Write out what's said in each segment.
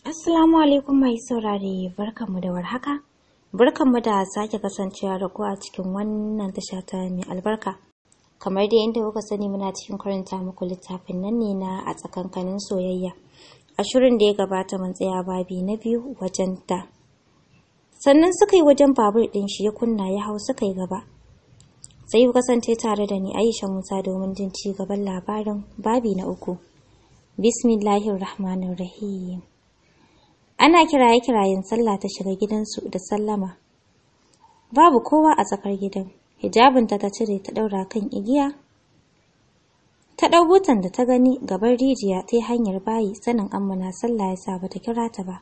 Assalamu alaikum mai saurare barkanmu da warhaka. Barkanmu da sake kasancewa da ku a cikin wannan tasha ta mai albarka. Kamar dai inda kuka sani muna cikin karanta muku littafin nan ne na a tsakankanin soyayya. A shirin da ya gabata mun tsaya babi na biyu wajen ta. Sannan suka yi wajen babur ɗin shi ya kunna ya hau suka yi gaba. Sai ku kasance tare da ni Aisha Musa domin jin ci gaban labarin babi na uku. Bismillahirrahmanirrahim. ana kiraye-kirayen sallah ta shiga gidansu da sallama babu kowa a tsakar gidan hijabinta ta ta cire ta ɗaura kan igiya ta ɗau butan da ta gani gaban rijiya ta yi hanyar bayi sanin na sallah ya sa bata kira ta ba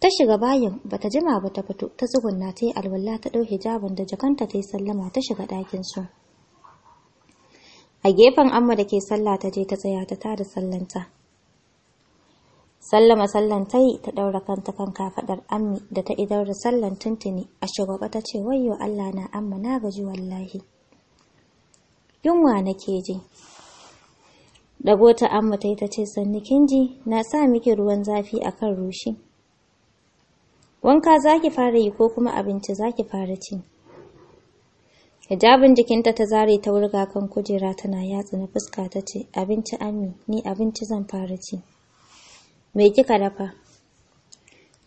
ta shiga bayin bata jima ba ta fito ta tsugunna ta yi alwala ta ɗau hijabin da jakanta ta yi sallama ta shiga ɗakin su a gefen amma da ke sallah ta je ta tsaya ta tada sallanta sallama sallan ta yi ta ɗaura kanta kan kafaɗar ammi da ta idar da sallan tuntuni a shagwaba ta ce wayyo allah na amma na gaji wallahi yunwa nake ji dago ta amma ta yi ta ce sannu kinji na sa miki ruwan zafi a kan rushi wanka za ki fara yi ko kuma abinci za ki fara ci hijabin jikinta ta zare ta wurga kan kujera tana yatsa na fuska ta ce abinci ammi ni abinci zan fara ci Me kika dafa?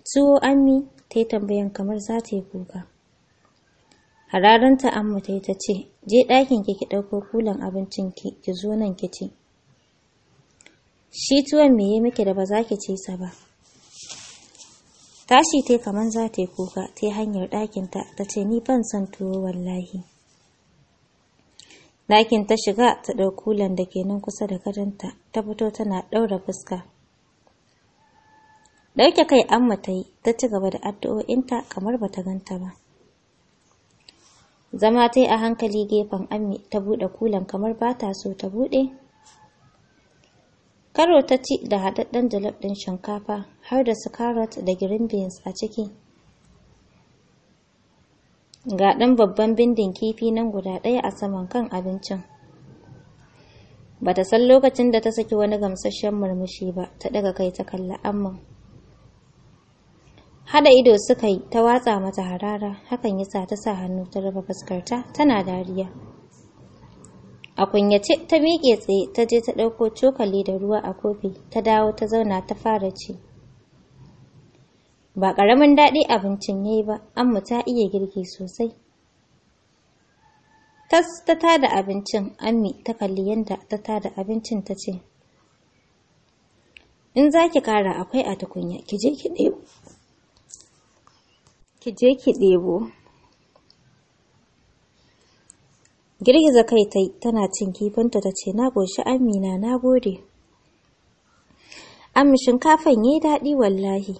Tuwo ammi ta yi tambayan kamar za yi kuka. Hararanta amma ta yi ta ce, Je ɗakin ki ki ɗauko kulan abincin ki ki zo nan ki ci. Shi tuwon me ya miki da ba za ki ci sa ba. Tashi ta kamar za yi kuka ta yi hanyar ɗakinta ta ce ni ban son tuwo wallahi. Ɗakin ta shiga ta ɗau kulan da ke nan kusa da gadonta ta fito tana ɗaura fuska. Ɗauke kai amma ta yi, ta ci gaba da addu'o'inta kamar ba ta ganta ba. Zama ta yi a hankali gefen ammi ta buɗe kulan kamar ba ta so ta buɗe. Karo ta ci da haɗaɗɗen jalof ɗin shinkafa har da su carrot da green beans a ciki. Ga ɗan babban bindin kifi nan guda ɗaya a saman kan abincin. Ba ta san lokacin da ta saki wani gamsasshen murmushi ba, ta ɗaga kai ta kalla Amma. Hada ido suka yi ta watsa mata harara, hakan yasa ta sa hannu ta raba fuskarta tana dariya. A kunyace ta miƙe tsaye ta je ta ɗauko cokali da ruwa a kofi ta dawo ta zauna ta fara ci. Ba ƙaramin daɗi abincin ya yi ba, amma ta iya girki sosai. Tas ta tada abincin, ammi ta kalli yadda ta tada abincin ta ce, In za ki ƙara akwai a tukunya, ki je ki ɗebo. ki je ki ɗebo girgiza kai ta tana cin kifinta ta ce na goshi amina na gode amma shinkafan yayi daɗi wallahi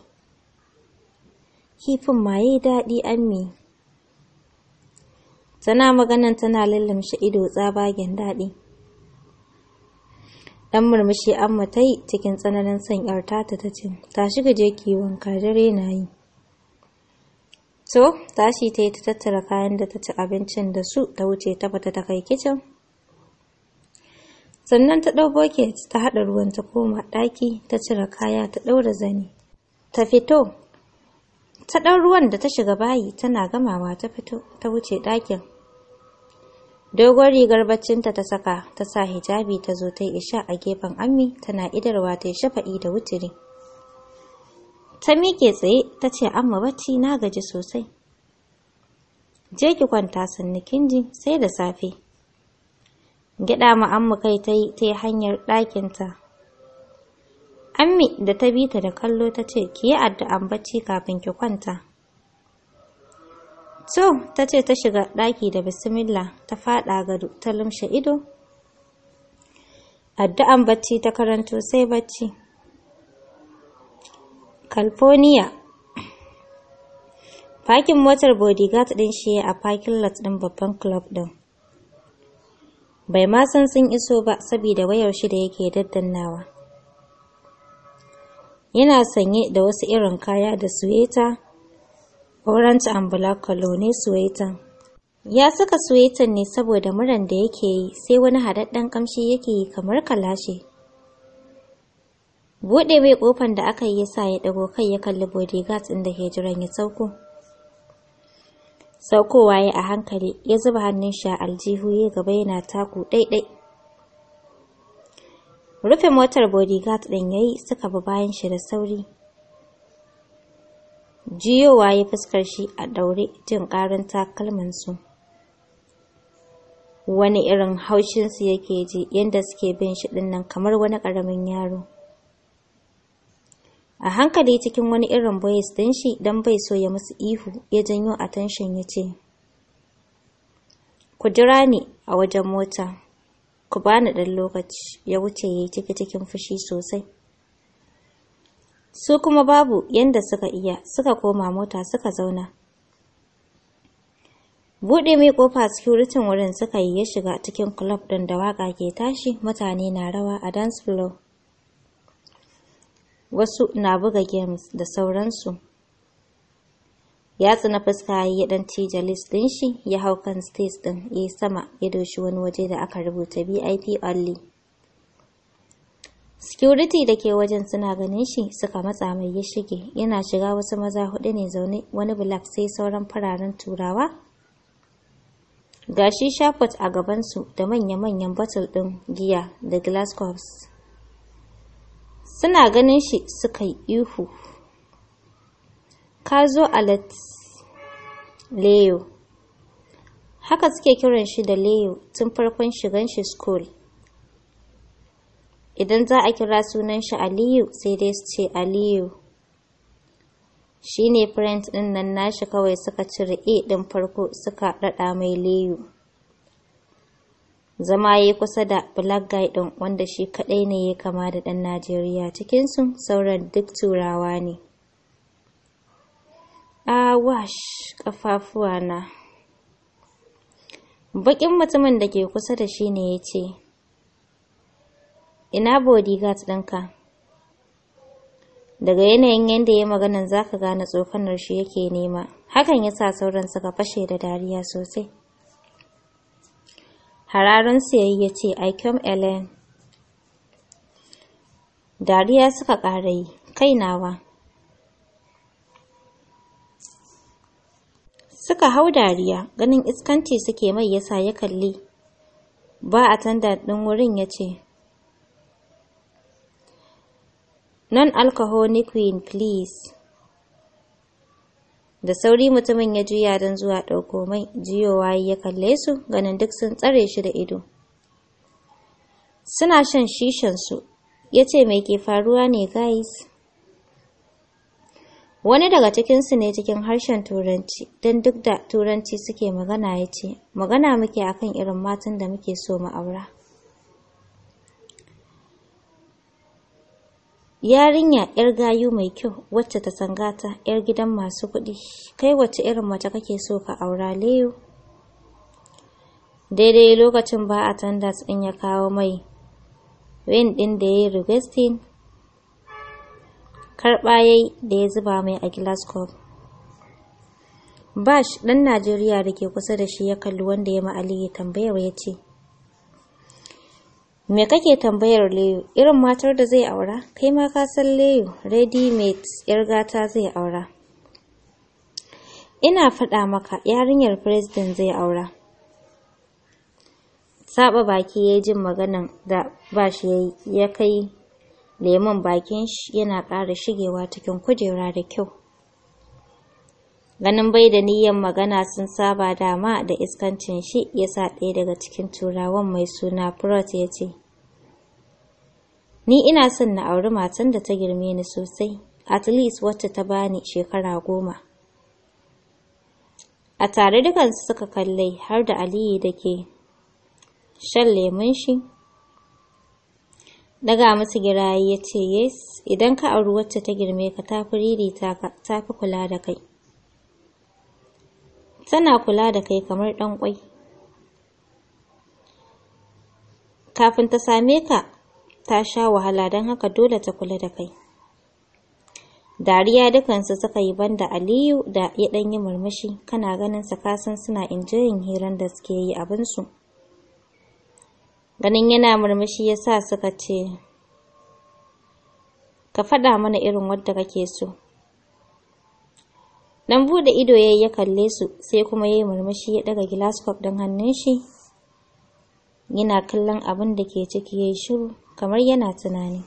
kifin ma yayi daɗi ammi tana maganan tana lallamshi ido tsabagen daɗi dan murmushi amma ta yi cikin tsananin son 'yarta ta ta ce tashi ka je ki wanka dare na yi so tashi ta yi ta tattara kayan da ta ci abincin da su ta wuce ta bata ta kai kicin sannan ta ɗau bokit ta haɗa ruwan ta koma ɗaki ta cire kaya ta ɗaura zani ta fito ta ɗan ruwan da ta shiga bayi tana gamawa ta fito ta wuce ɗakin dogon rigar baccinta ta saka ta sa hijabi ta zo ta yi isha a gefen ammi tana idarwa ta yi shafa'i da wutiri. ta miƙe tsaye ta ce amma bacci na gaji sosai je ki kwanta sannu kinji sai da safe gyaɗa ma amma kai ta yi ta hanyar ɗakinta ammi da ta bi ta da kallo ta ce ki yi addu'an bacci kafin ki kwanta so ta ce ta shiga ɗaki da bismillah ta faɗa gado ta lumshe ido addu'an bacci ta karanto sai bacci California. Fakin motar bodyguard ɗin shi a parking lot ɗin babban club din. Bai ma san sun iso ba saboda wayar shi da yake daddannawa. Yana sanye da wasu irin kaya da suweta, orange and black color ne suwetan. Ya saka suwetan ne saboda muran da yake yi sai wani haɗaɗɗen ƙamshi yake yi kamar kalashe. Buɗe mai ƙofan da aka yi sa ya ɗago kai ya kalli bodyguards din da ke jiran ya sauko. Saukowa ya a hankali ya zuba hannun shi a aljihu ya gaba yana taku ɗaiɗai. Rufe motar bodyguard ɗin ya yi suka bi bayan shi da sauri. Jiyowa ya fuskar shi a daure jin ƙarin su. Wani irin haushinsu yake ji yanda suke bin shi dinnan kamar wani karamin yaro. a hankali cikin wani irin boyis ɗin shi don bai so ya musu ihu ya janyo attention ya ce ku jira ni a wajen mota ku bani ɗan lokaci ya wuce ya yi ciki cikin fushi sosai su kuma babu yanda suka iya suka koma mota suka zauna buɗe mai ƙofa security wurin suka yi ya shiga cikin club ɗin da waƙa ke tashi mutane na rawa a dance floor wasu na buga games da sauransu ya tsina fuska ya dan cije list din shi ya hau kan stage din ya sama ya doshi wani waje da aka rubuta VIP only security da ke wajen suna ganin shi suka matsa mai ya shige yana shiga wasu maza hudu ne zaune wani black sai sauran fararen turawa gashi shafot a gabansu da manya-manyan batul din giya da glass cups suna ganin shi suka yi ihu ka zo alat leo haka suke kiran shi da leo tun farkon shigan shi school idan za a kira sunan shi aliyu sai dai su ce aliyu shi ne print ɗin nan nashi kawai suka cire A ɗin farko suka raɗa mai leyo. zama ya yi kusa da black guy ɗin wanda shi kaɗai ne ya kama da ɗan najeriya cikinsu sauran duk turawa ne awash ƙafafuwa na baƙin mutumin da ke kusa da shi ne ya ce ina bodyguard ɗinka daga yanayin yadda ya maganan ka gane tsokanar shi yake nema hakan ya sa sauran suka fashe da dariya sosai Hararin ya ya ce, I come Ellen. Dariya suka ƙara yi, kai nawa. Suka hau dariya, ganin iskanci suke mai yasa ya kalli. Ba a tanda ɗin wurin ya ce, Non-alcoholic wine, please. da sauri mutumin ya juya don zuwa ɗauko mai jiyowa ya kalle su ganin duk sun tsare shi da ido suna shan shishansu ya ce mai ke faruwa ne guys wani daga cikinsu ne cikin harshen turanci don duk da turanci suke magana ya ce magana muke akan irin matan da muke so mu aura yarinya yar gayu mai kyau wacce ta sangata yar gidan masu kuɗi kai wacce irin mace kake so ka aura leyo daidai lokacin ba a tandas ɗin ya kawo mai Wen ɗin da ya yi karɓa ya yi da ya zuba mai a glasgow bash ɗan najeriya da ke kusa da shi ya kalli wanda ya ma'ali ya tambayar ya ce Me kake tambayar Leyo? Irin matar da zai aura? Kai ma ka san Leyo, ready mate, ‘yar gata zai aura. Ina faɗa maka, yarinyar president zai aura. Saba baki ya jin maganan da ba shi ya ya kai lemon bakin shi yana ƙara shigewa cikin kujera da kyau. Ganin bai da niyyar magana sun saba dama da iskancin shi ya sa ɗaya daga cikin turawan mai suna Prot ya ce, Ni ina son na auri matan da ta girme ni sosai, at least wacce ta bani shekara goma. A tare dukansu suka kalle har da Aliyu da ke shan lemun shi. Daga musu girayi ya ce, Yes, idan ka auri wacce ta girme ka ta fi ririta ka, ta fi kula da kai. Tana kula da kai kamar ɗan ƙwai. Kafin ta same ka, ta sha wahala don haka dole ta kula da kai dariya dukansu suka yi banda aliyu da ya ɗan yi murmushi kana ganin sa kasan suna injiyin hiran da suke yi abinsu ganin yana murmushi ya sa suka ce ka faɗa mana irin wadda kake so dan bude ido yayi ya kalle su sai kuma ya yi murmushi ya ɗaga gilaskop ɗin hannun shi yana kallon abin da ke ciki yayi shiru kamar yana tunani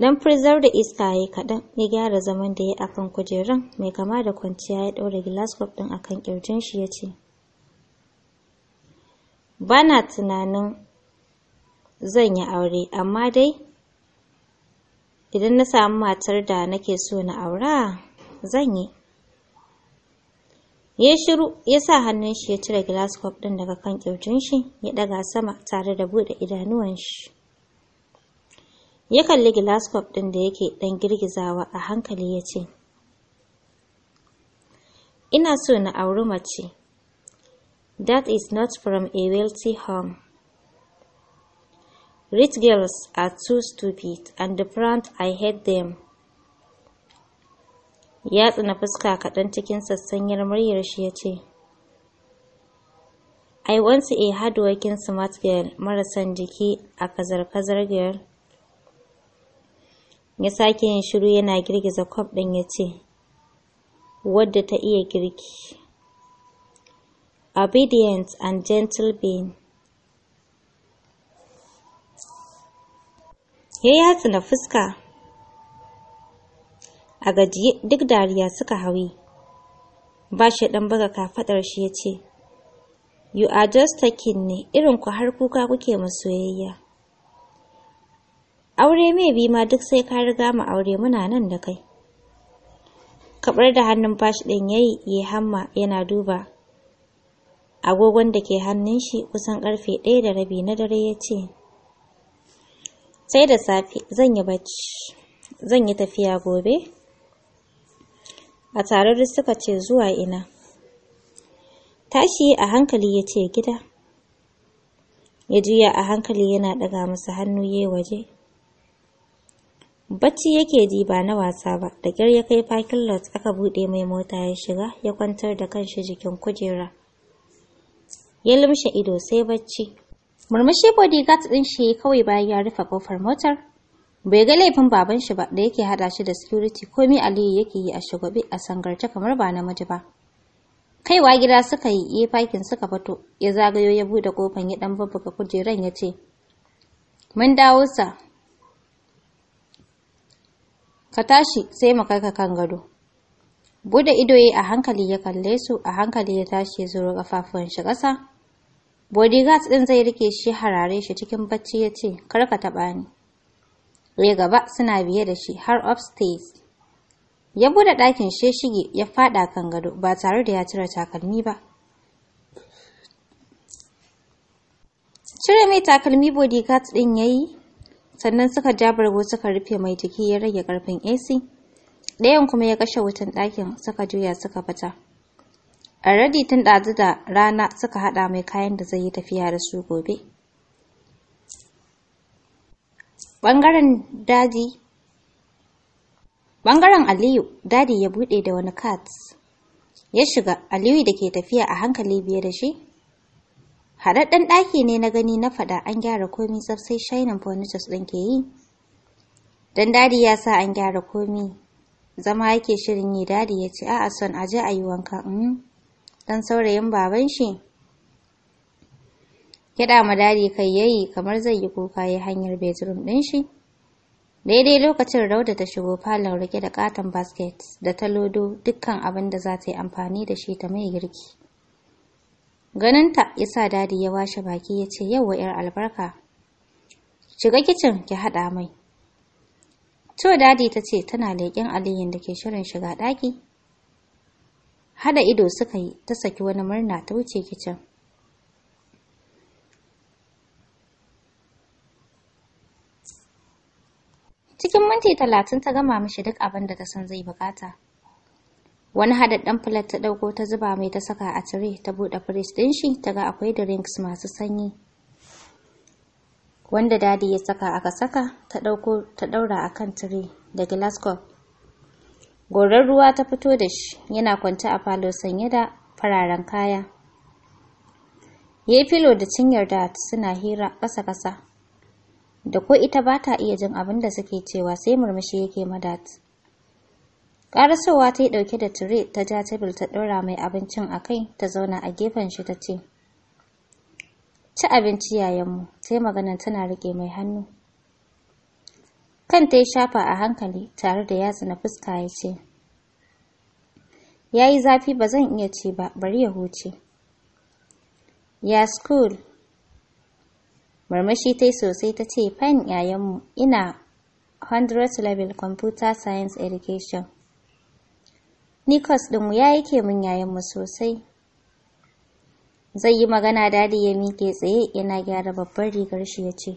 dan firzar da iska ya kaɗan ya gyara zaman da ya a kan kujerun mai kama da kwanciya ya ɗaura gilaskop ɗin a kan ƙirjin shi ya ce bana tunanin zan yi aure amma dai idan na samu matar da nake so na aura zan yi ya shiru ya sa hannun shi ya cire glasscop ɗin daga kan ƙirjin shi ya daga sama tare da buɗe idanuwan shi ya kalli glasscop ɗin da yake ɗan girgizawa a hankali ya ce ina so na auri mace that is not from a wealthy home rich girls are too stupid and the front i hate them ya tsina fuska kaɗan cikin sassanyar muryar shi ya ce I want a hardworking smart girl marasan jiki a kazar-kazar girl. Ya sake yin shiru yana girgiza kwab ɗin ya ce, Wadda ta iya girki. Obedient and gentle being. Ya yi hatsi na fuska. a gajiye duk dariya suka hauyi ba shi ɗan buga kafaɗar shi ya ce you are just taking ne irin ku har kuka kuke masoyayya aure mai bi ma duk sai ka riga mu aure muna nan da kai Kaɓar da hannun bashi ɗin yayi ya hamma yana duba agogon da ke hannun shi kusan ƙarfe ɗaya da rabi na dare ya ce sai da safe zan yi bacci zan yi tafiya gobe a tare duk suka ce zuwa ina tashi a hankali ya ce gida ya juya a hankali yana ɗaga masa hannu ya waje bacci yake ji ba na wasa ba da kyar ya kai parking lot aka buɗe mai mota ya shiga ya kwantar da kanshi jikin kujera ya lumshe ido sai bacci murmushi bodyguard ɗin shi kawai bayan ya rufe ƙofar motar bai ga laifin baban shi ba da yake hada shi da security komi aliyu yake yi a shugabe a sangarce kamar ba namiji ba kaiwa gida suka yi ya fakin suka fito ya zagayo ya bude kofan ya dan babbaka kujeran ya ce mun dawo sa ka tashi sai mu kai ka kan gado bude ido yayi a hankali ya kalle su a hankali ya tashi ya zuro kafafun shi ƙasa bodyguards din zai rike shi harare shi cikin bacci ya ce kar ka taba ni ya gaba suna biye da shi har upstairs ya bude ɗakin sheshige ya faɗa kan gado ba tare da ya cire takalmi ba cire mai takalmi bodyguard ɗin ya yi sannan suka jabargo suka rufe mai jiki ya rage karfin AC. Ɗayan kuma ya kashe wutan ɗakin suka juya suka fita. A radi tun ɗazu da rana suka haɗa mai kayan da zai yi tafiya da su gobe. Ɓangaren daji Bangaren Aliyu, dadi ya buɗe da wani kat. Ya shiga, Aliyu da ke tafiya a hankali biye da shi. Haɗaɗɗen ɗaki ne na gani na faɗa an gyara komi tsaf sai shainin furnitures ɗin ke yi. Dan dadi ya sa an gyara komi. Zama yake shirin yi dadi ya ce, a'a son aje a yi wanka. Mm. Dan saurayin baban shi. Kiɗa ma dadi kai yayi kamar zai yi kuka ya hanyar bedroom ɗin shi. Daidai lokacin Rauda ta shigo falon rike da katon basket da ta lodo dukkan abin da za ta yi amfani da shi ta mai girki. Ganinta ya sa dadi ya washe baki ya ce yauwa 'yar albarka. Shiga kicin ki haɗa mai. To dadi ta ce tana leƙen Aliyun da ke shirin shiga ɗaki. Hada ido suka yi ta saki wani murna ta wuce kicin. Cikin minti talatin ta gama mishi duk abin da ta san zai buƙata. Wani haɗaɗɗen filet ta ɗauko ta zuba mai ta saka a tire ta buɗe firis ɗin shi ta ga akwai drinks masu sanyi. Wanda dadi ya saka aka saka ta ɗauko ta ɗaura a kan tire da cup. goran ruwa ta fito da shi yana kwance a falo sanye da fararen kaya. Ya yi filo da cinyar da suna hira ƙasa-ƙasa. da ko ita ba ta iya jin abin da suke cewa sai murmushi yake madat ƙarasowa ta yi ɗauke da tire ta ja tabil ta ɗora mai abincin a kai ta zauna a gefen shi ta ce ci abinci yayanmu sai maganan tana riƙe mai hannu kanta ya shafa a hankali tare da yatsu na fuska ya ce ya yi zafi ba zan iya ci ba bari ya huce ya school Marmashi ta yi sosai ta ce, Fan yayanmu, ina 100 level computer science education. Nikos ɗinmu ya yake mun yayanmu sosai. Zai yi magana dadi ya mike tsaye yana gyara babbar rigar shi ya ce,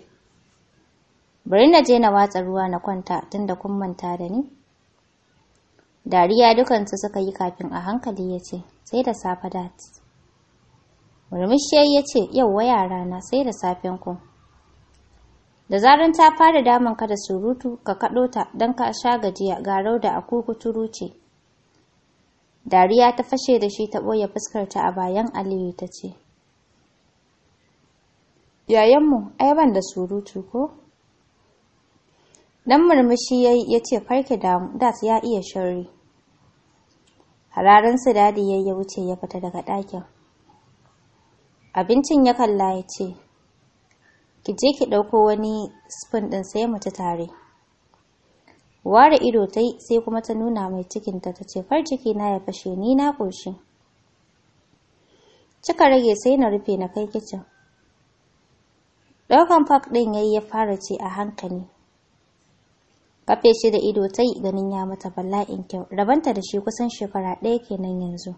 Bari na je na watsa ruwa na kwanta tun da kun manta da ni. Dariya dukansu suka yi kafin a hankali ya ce, Sai da safe dat. murmushi ya ce yau wa yara na sai da safen ku da zaran ta fara damun ka da surutu ka kaɗo ta don ka sha gajiya ga rauda a kukuturu ce dariya ta fashe da shi ta ɓoye ta a bayan aliyu ta ce yayanmu ai ban da surutu ko dan murmushi ya yi ya ce farke damu das ya iya shari hararin su dadi ya ya wuce ya fita daga ɗakin abincin ya kalla ya ce ki je ki ɗauko wani spoon ɗin sai mu ci tare ware ido ta yi sai kuma ta nuna mai cikinta ta ce far ciki na ya fashe ni na ƙoshi cika rage sai na rufe na kai kicin ɗaukan fak ɗin ya yi ya fara ce a hankali kafe shi da ido ta yi ganin ya mata bala'in kyau rabanta da shi kusan shekara ɗaya kenan yanzu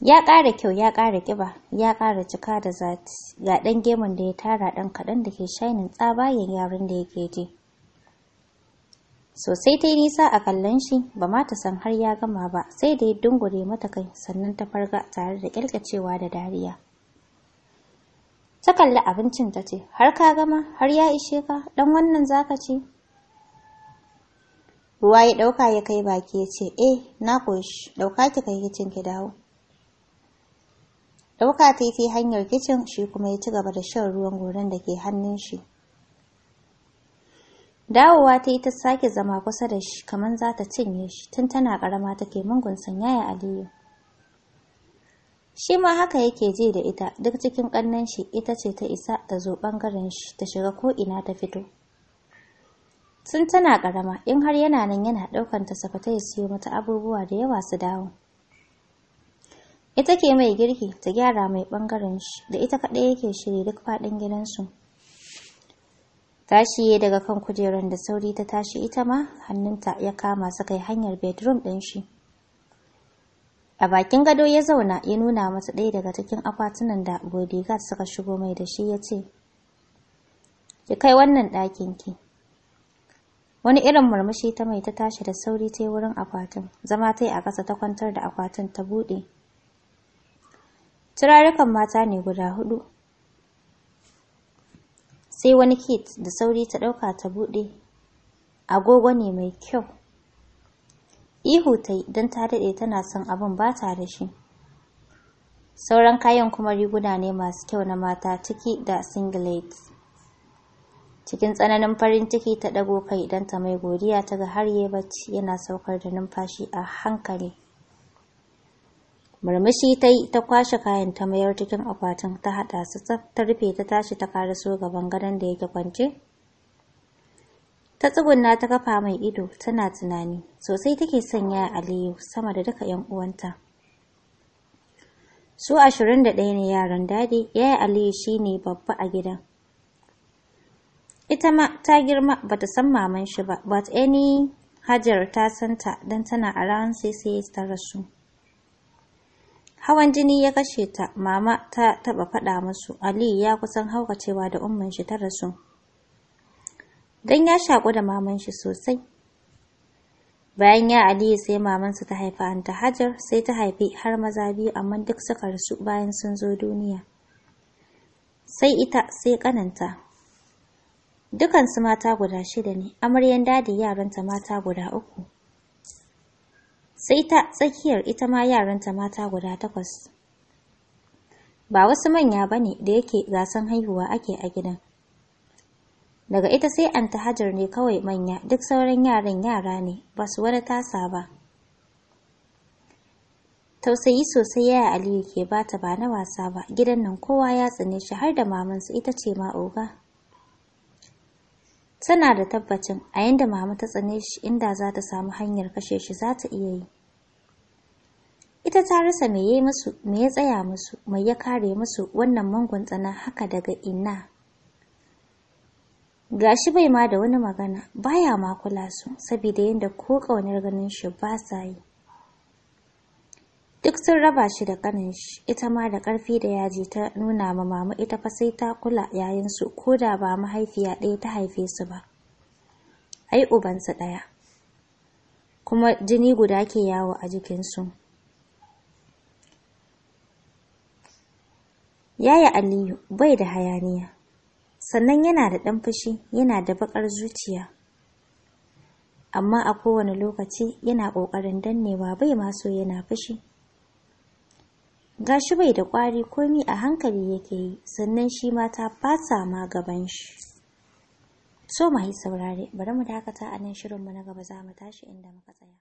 Ya ƙara kyau, ya ƙara ƙiba, ya ƙara cika da zati, ga ɗan gemun da ya tara ɗan kaɗan da ke shainin tsabayen yarin da yake ji. Sosai ta yi nisa a kallon shi, ba ma ta san har ya gama ba, sai da ya dungure mata kai sannan ta farga tare da ƙyalƙyacewa da dariya. Ta kalli abincin ta ce, har ka gama, har ya ishe ka, ɗan wannan zaka ci? Ruwa ya ɗauka ya kai baki ya ce, eh, na ƙoshi, ɗauka ki kai kicin ki dawo. ɗauka ta yi hanyar kicin shi kuma ya ci gaba da shan ruwan goron da ke hannun shi dawowa ta yi ta sake zama kusa da shi kamar za ta cinye shi tun tana karama take mungun sanyaya aliyu shi ma haka yake je da ita duk cikin kannan shi ita ce ta isa ta zo ɓangaren shi ta shiga ko ina ta fito tun tana ƙarama, in har yana nan yana ɗaukan ta sakata ya siyo mata abubuwa da yawa su dawo ita ke mai girki ta gyara mai ɓangaren shi da ita kaɗai yake shiri duk faɗin gidansu tashi daga kan kujeran da sauri ta tashi ita ma hannunta ya kama su kai hanyar bedroom ɗin shi a bakin gado ya zauna ya nuna masa ɗaya daga cikin akwatunan da bodyguard suka shigo mai da shi ya ce ki kai wannan ɗakin ki wani irin murmushi ta mai ta tashi da sauri ta yi wurin akwatin zama ta yi a ƙasa ta kwantar da akwatin ta buɗe Turarukan mata ne guda hudu. Sai wani kit da sauri ta ɗauka ta buɗe. Agogo ne mai kyau. Ihu ta yi don ta daɗe tana son abin ba ta da shi. Sauran kayan kuma riguna ne masu kyau na mata ciki da singlets. cikin tsananin farin ciki ta ɗago kai don ta mai godiya ta ga har yi bacci yana saukar da numfashi a hankali murmushi ta yi ta kwashe kayan ta mayar cikin akwatin ta haɗa su tsaf ta rufe ta tashi ta su gaban gadon da yake kwance ta tsugunna ta kafa mai ido tana tunani sosai take sanya aliyu sama da duka yan uwanta su ashirin da ɗaya ne yaran dadi yaya aliyu shine babba a gidan ita ma ta girma bata san maman shi ba but any hajar ta santa don tana a ran sai sai ta rasu Hawan jini ya kashe ta, mama ta taba faɗa musu, Ali ya kusan haukacewa da umman shi ta rasu. Dan ya shaku da maman shi sosai. Bayan ya Ali sai mamansa ta haifa an ta Hajar, sai ta haifi har maza biyu amma duk suka rasu bayan sun zo duniya. Sai ita sai kananta. Dukansu mata guda shida ne, amaryan dadi yaranta mata guda uku. sai ta tsakiyar ita ma yaranta mata guda takwas. Ba wasu manya ba ne da yake gasan haihuwa ake a gidan. Daga ita sai ta hajar ne kawai manya duk sauran yaran yara ne ba su wani tasa ba. Tausayi sosai yaya Aliyu ke bata ba na wasa ba gidan nan kowa ya tsane shi har da mamansa ita ce ma oga. Tana da tabbacin a yanda mama ta tsane shi inda za ta samu hanyar kashe shi za ta iya yi. Ita ta rasa me ya yi musu, mai ya tsaya musu, mai ya kare musu wannan mangon tsana haka daga ina. Gashi bai ma da wani magana, baya ma kula su, saboda yadda ko ƙaunar ganin shi ba sa yi. duk sun raba shi da kanin shi ita ma da karfi da yaji ta nuna ma mama ita fa sai ta kula yayin su ko da ba mahaifiya ɗaya ta haife su ba ai ubansa ɗaya kuma jini guda ke yawo a jikinsu yaya aliyu bai da hayaniya sannan yana da ɗan fushi yana da baƙar zuciya amma a kowane lokaci yana ƙoƙarin dannewa bai ma so yana fushi gashi bai da kwari komi a hankali yake yi sannan shi ma ta fasa ma gaban shi so mai saurare bari mu dakata a nan shirinmu na gaba za mu tashi inda muka tsaya